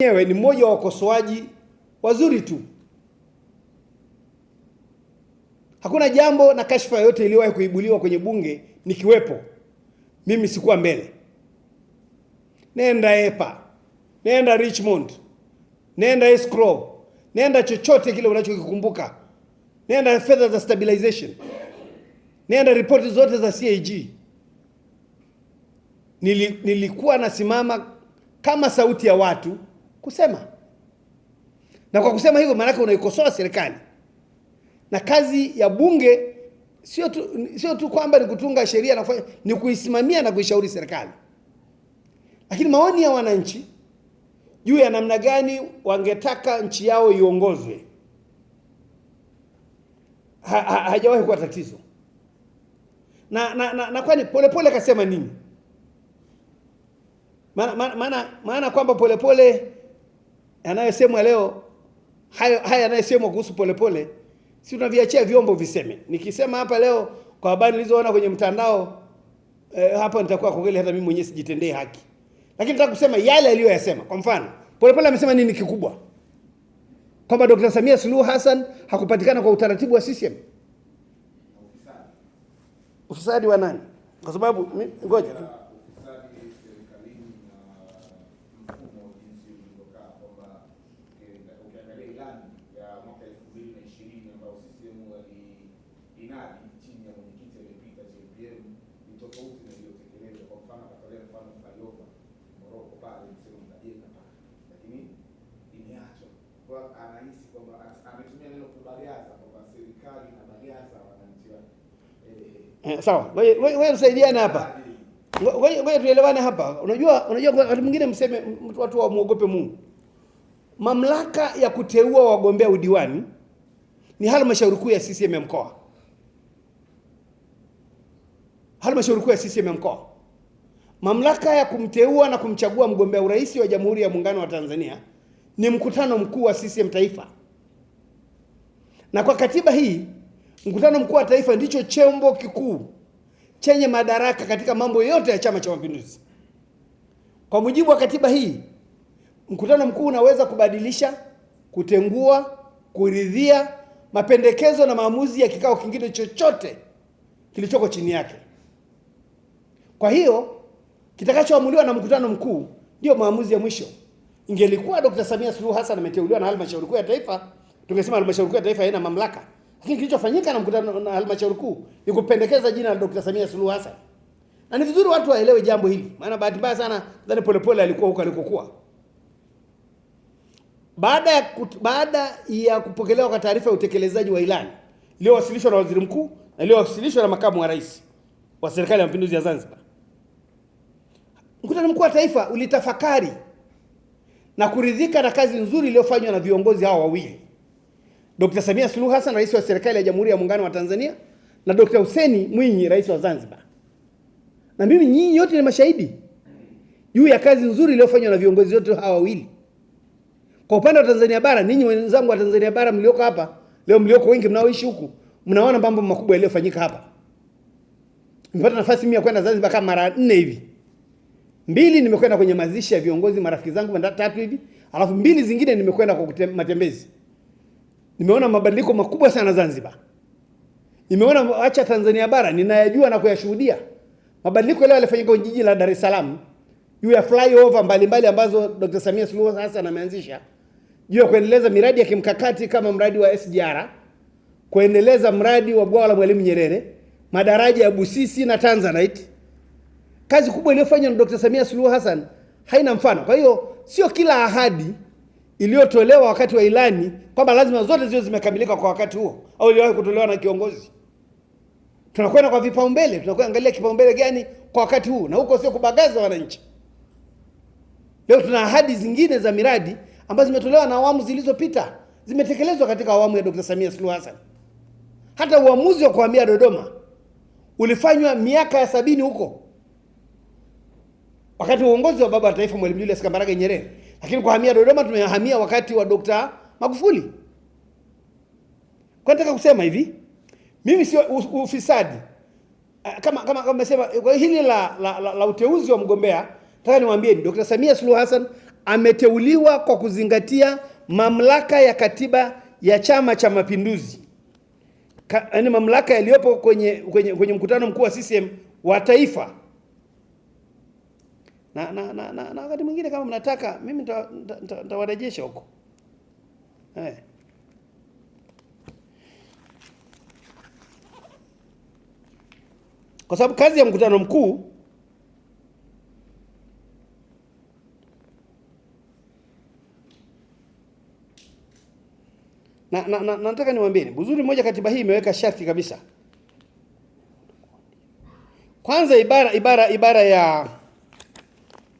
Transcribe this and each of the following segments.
Mwenyewe ni mmoja wa wakosoaji wazuri tu. Hakuna jambo na kashfa yoyote iliyowahi kuibuliwa kwenye bunge nikiwepo mimi, sikuwa mbele. Nenda EPA, nenda Richmond, nenda escrow, nenda chochote kile unachokikumbuka, nenda fedha za stabilization, nenda ripoti zote za CAG. Nili, nilikuwa nasimama kama sauti ya watu kusema, na kwa kusema hivyo maanake unaikosoa serikali. Na kazi ya bunge sio tu, sio tu kwamba ni kutunga sheria na kufanya, ni kuisimamia na kuishauri serikali, lakini maoni ya wananchi juu ya namna gani wangetaka nchi yao iongozwe ha, ha, hajawahi kuwa tatizo na, na, na, na kwani Polepole akasema nini? Maana maana kwamba Polepole yanayosemwa leo hayo, haya yanayosemwa kuhusu Polepole si tunaviachia vyombo viseme. Nikisema hapa leo kwa habari nilizoona kwenye mtandao eh, hapa nitakuwa kwa kweli hata mimi mwenyewe sijitendee haki, lakini nataka kusema yale aliyoyasema. Kwa mfano, Polepole amesema nini kikubwa? Kwamba Dr. Samia Suluhu Hassan hakupatikana kwa utaratibu wa CCM. Ufisadi wa nani? Kwa sababu ngoja kwamba ametumia neno kubaliaza kwamba serikali inabaliaza wananchi wake. Eh, eh, sawa. Wewe wewe usaidiane hapa. Wewe tuelewane hapa. Unajua unajua wakati mwingine mseme mtu watu wamuogope Mungu. Mamlaka ya kuteua wagombea udiwani ni halmashauri kuu ya CCM ya mkoa. Halmashauri kuu ya CCM ya mkoa. Mamlaka ya kumteua na kumchagua mgombea urais wa Jamhuri ya Muungano wa Tanzania ni mkutano mkuu wa CCM taifa. Na kwa katiba hii mkutano mkuu wa taifa ndicho chombo kikuu chenye madaraka katika mambo yote ya Chama cha Mapinduzi. Kwa mujibu wa katiba hii, mkutano mkuu unaweza kubadilisha, kutengua, kuridhia mapendekezo na maamuzi ya kikao kingine chochote kilichoko chini yake. Kwa hiyo kitakachoamuliwa na mkutano mkuu ndiyo maamuzi ya mwisho. Ingelikuwa Dkt. Samia Suluhu Hassan ameteuliwa na halmashauri kuu ya taifa Tungesema halmashauri kuu ya taifa haina mamlaka, lakini kilichofanyika na mkutano na halmashauri kuu ni kupendekeza jina la Dr. Samia Suluhu Hassan, na ni vizuri watu waelewe jambo hili, maana bahati mbaya sana dhani Polepole alikuwa huko alikokuwa. Baada ya baada ya kupokelewa kwa taarifa ya utekelezaji wa ilani iliyowasilishwa na waziri mkuu na iliyowasilishwa na makamu wa rais wa serikali ya mapinduzi ya Zanzibar, mkutano mkuu wa taifa ulitafakari na kuridhika na kazi nzuri iliyofanywa na viongozi hao wawili Dr. Samia Suluhu Hassan, rais wa serikali ya Jamhuri ya Muungano wa Tanzania na Dr. Hussein Mwinyi, rais wa Zanzibar. Na mimi nyinyi yote ni mashahidi juu ya kazi nzuri iliyofanywa na viongozi wote hawa wawili. Kwa upande wa Tanzania bara, ninyi wenzangu wa Tanzania bara mlioko hapa leo, mlioko wengi mnaoishi huku, mnaona mambo makubwa yaliyofanyika hapa. Nimepata nafasi mimi ya kwenda Zanzibar kama mara nne hivi. Mbili nimekwenda kwenye mazishi ya viongozi marafiki zangu mara tatu hivi, alafu mbili zingine nimekwenda kwa matembezi nimeona mabadiliko makubwa sana Zanzibar. Nimeona acha Tanzania bara, ninayajua na kuyashuhudia mabadiliko leo yalifanyika kwenye jiji la Dar es Salaam juu ya flyover mbalimbali ambazo Dr. Samia Suluhu Hassan ameanzisha juu ya kuendeleza miradi ya kimkakati kama mradi wa SGR, kuendeleza mradi wa bwawa la Mwalimu Nyerere, madaraja ya Busisi na Tanzanite. Kazi kubwa iliyofanywa na Dr. Samia Suluhu Hassan haina mfano. Kwa hiyo sio kila ahadi iliyotolewa wakati wa ilani kwamba lazima zote ziwe zimekamilika kwa wakati huo, au iliwahi kutolewa na kiongozi? Tunakwenda kwa vipaumbele, tunakuangalia kipaumbele gani kwa wakati huu, na huko sio kubagaza wananchi. Leo tuna ahadi zingine za miradi ambazo zimetolewa na awamu zilizopita, zimetekelezwa katika awamu ya Dr. Samia Suluhu Hassan. Hata uamuzi wa kuhamia Dodoma ulifanywa miaka ya sabini huko wakati wa uongozi wa baba wa taifa Mwalimu Julius Kambarage Nyerere. Lakini kuhamia Dodoma tumehamia wakati wa Dr. Magufuli. Kwa nataka kusema hivi, mimi sio ufisadi eh, kama kama kama umesema kwa hili la, la, la, la uteuzi wa mgombea nataka niwaambieni, Dr. Samia Suluhu Hassan ameteuliwa kwa kuzingatia mamlaka ya katiba ya Chama cha Mapinduzi, yaani mamlaka yaliyopo kwenye, kwenye, kwenye mkutano mkuu wa CCM wa taifa na, na, na, na, na wakati mwingine kama mnataka mimi nitawarejesha huko eh. Kwa sababu kazi ya mkutano mkuu na, na, na, nataka niwaambieni uzuri mmoja, katiba hii imeweka sharti kabisa. Kwanza ibara ibara ibara ya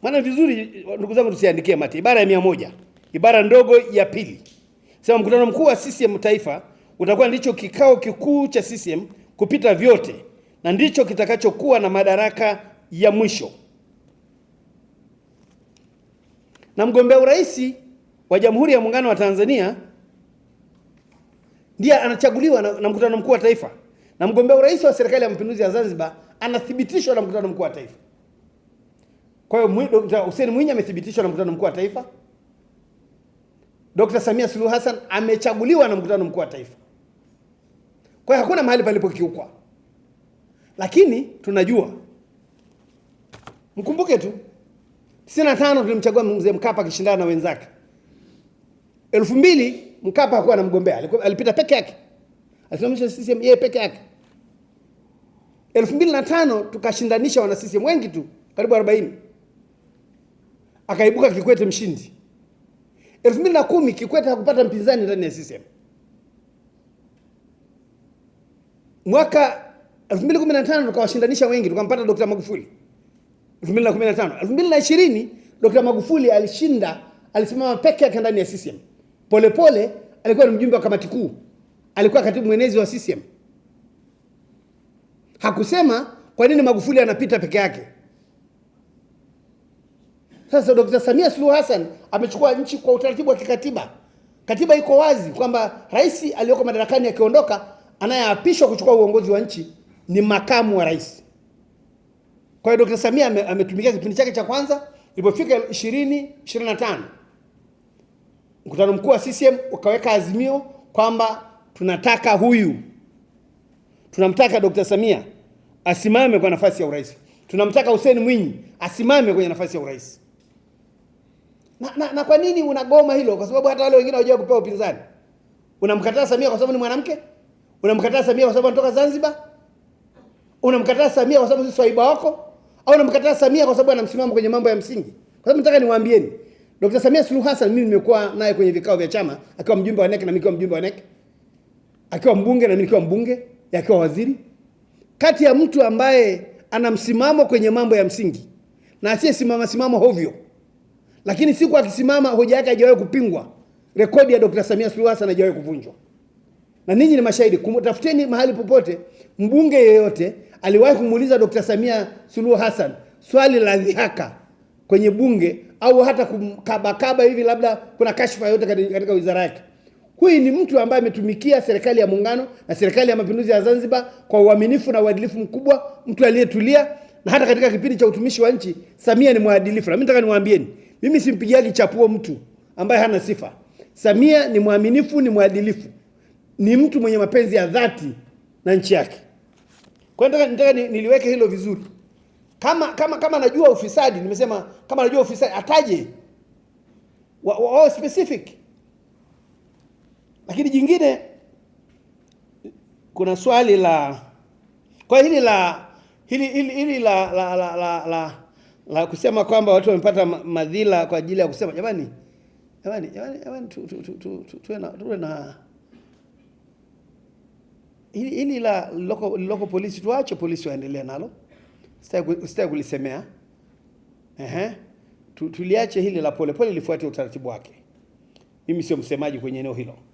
maana vizuri, ndugu zangu, tusiandikie mate. Ibara ya mia moja ibara ndogo ya pili sema mkutano mkuu wa CCM taifa utakuwa ndicho kikao kikuu cha CCM kupita vyote na ndicho kitakachokuwa na madaraka ya mwisho. Na mgombea urais wa Jamhuri ya Muungano wa Tanzania ndiye anachaguliwa na, na mkutano mkuu wa taifa, na mgombea urais wa Serikali ya Mapinduzi ya Zanzibar anathibitishwa na mkutano mkuu wa taifa. Kwa hiyo Dr. Hussein Mwinyi amethibitishwa na mkutano mkuu wa taifa. Dr. Samia Suluhu Hassan amechaguliwa na mkutano mkuu wa taifa. Kwa hiyo hakuna mahali palipokiukwa, lakini tunajua, mkumbuke tu 95 tulimchagua mzee Mkapa akishindana na wenzake. 2000 Mkapa hakuwa na mgombea, alipita peke yake, alisimamisha CCM yeye peke yake. 2005 tukashindanisha wana CCM wengi tu karibu 40 akaibuka Kikwete mshindi. elfu mbili na kumi Kikwete hakupata mpinzani ndani ya CCM. Mwaka elfu mbili kumi na tano tukawashindanisha wengi, tukampata Dr. Magufuli elfu elfu mbili mbili na na kumi tano na ishirini Dr. Magufuli alishinda, alisimama peke yake ndani ya CCM. Polepole alikuwa ni mjumbe wa kamati kuu, alikuwa katibu mwenezi wa CCM. Hakusema kwa nini Magufuli anapita peke yake. Sasa Dkt. Samia Suluhu Hassan amechukua nchi kwa utaratibu wa kikatiba. Katiba iko wazi kwamba rais aliyoko madarakani akiondoka, anayeapishwa kuchukua uongozi wa nchi ni makamu wa rais. Kwa hiyo Dkt. Samia ametumikia kipindi chake cha kwanza, ilipofika 2025 mkutano mkuu wa CCM ukaweka azimio kwamba tunataka huyu, tunamtaka Dkt. Samia asimame kwa nafasi ya urais, tunamtaka Hussein Mwinyi asimame kwenye nafasi ya urais na, na, na kwa nini unagoma hilo? Kwa sababu hata wale wengine hawajua kupewa upinzani. Unamkataa Samia kwa sababu ni mwanamke? Unamkataa Samia kwa sababu anatoka Zanzibar? Unamkataa Samia kwa sababu si swaiba wako? Au unamkataa Samia kwa sababu anamsimama kwenye mambo ya msingi? Kwa sababu nataka niwaambieni, Dr. Samia Suluhu Hassan mimi nimekuwa naye kwenye vikao vya chama, akiwa mjumbe wa NEC na mimi nikiwa mjumbe wa NEC, akiwa mbunge na mimi nikiwa mbunge, akiwa waziri. Kati ya mtu ambaye anamsimamo kwenye mambo ya msingi na asiye simama simamo hovyo lakini siku akisimama hoja yake haijawahi kupingwa, rekodi ya Dr. Samia Suluhu Hassan haijawahi kuvunjwa. Na ninyi ni mashahidi, Kumtafuteni mahali popote mbunge yeyote aliwahi kumuuliza Dr. Samia Suluhu Hassan swali la dhihaka kwenye bunge au hata kumkabakaba hivi, labda kuna kashfa yoyote katika wizara yake. Huyu ni mtu ambaye ametumikia serikali ya muungano na serikali ya mapinduzi ya Zanzibar kwa uaminifu na uadilifu mkubwa, mtu aliyetulia, na hata katika kipindi cha utumishi wa nchi Samia ni mwadilifu. Na mimi nataka niwaambieni, mimi simpigiagi chapuo mtu ambaye hana sifa. Samia ni mwaminifu, ni mwadilifu, ni mtu mwenye mapenzi ya dhati na nchi yake. Kwa hiyo nataka niliweke hilo vizuri. Kama kama kama najua ufisadi, nimesema kama najua ufisadi ataje wa, wa, wa specific. Lakini jingine kuna swali la kwa hili la hili hili, hili la la la, la, la la kusema kwamba watu wamepata madhila kwa ajili ya kusema jamani, jamani, jamani, jamani, tuwe tu, tu, tu, tu, tu, na hili la liloko polisi, tuache polisi waendelee nalo, sitaki kulisemea. Ehe, tuliache hili la polepole lifuate utaratibu wake. Mimi sio msemaji kwenye eneo hilo.